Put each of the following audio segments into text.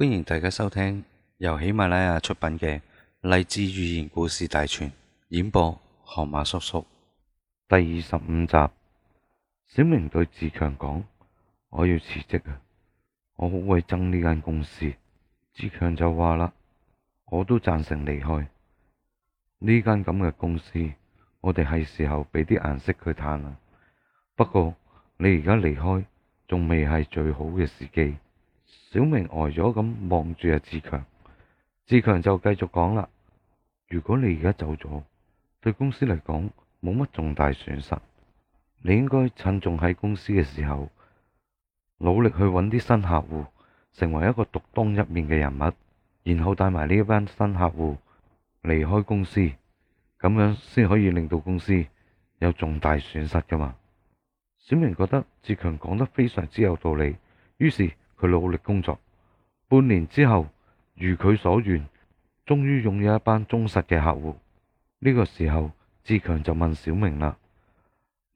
歡迎大家收聽由喜馬拉雅出品嘅《勵志寓言故事大全》演播，河馬叔叔第二十五集。小明對志強講：我要辭職啊！我好鬼憎呢間公司。志強就話啦：我都讚成離開呢間咁嘅公司，我哋係時候俾啲顏色佢嘆啦。不過你而家離開仲未係最好嘅時機。小明呆咗咁望住阿志強，志強就繼續講啦，如果你而家走咗，對公司嚟講冇乜重大損失，你應該趁仲喺公司嘅時候，努力去揾啲新客戶，成為一個獨當一面嘅人物，然後帶埋呢一班新客戶離開公司，咁樣先可以令到公司有重大損失㗎嘛。小明覺得志強講得非常之有道理，於是。佢努力工作半年之後，如佢所願，終於擁有一班忠實嘅客戶。呢個時候，志強就問小明啦：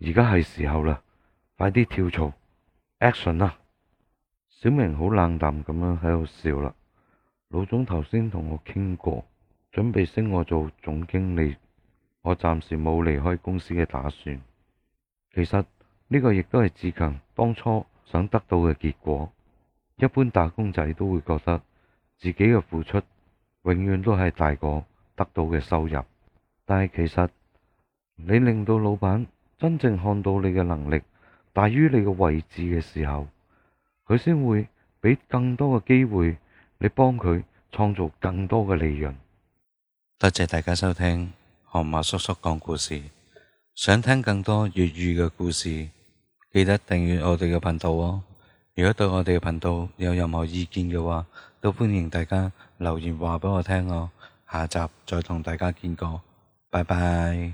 而家係時候啦，快啲跳槽，action 啦！小明好冷淡咁樣喺度笑啦。老總頭先同我傾過，準備升我做總經理，我暫時冇離開公司嘅打算。其實呢個亦都係志強當初想得到嘅結果。一般打工仔都會覺得自己嘅付出永遠都係大過得到嘅收入，但係其實你令到老闆真正看到你嘅能力大於你嘅位置嘅時候，佢先會俾更多嘅機會你幫佢創造更多嘅利潤。多謝大家收聽河馬叔叔講故事，想聽更多粵語嘅故事，記得訂閱我哋嘅頻道哦。如果對我哋嘅頻道有任何意見嘅話，都歡迎大家留言話畀我聽哦。下集再同大家見過，拜拜。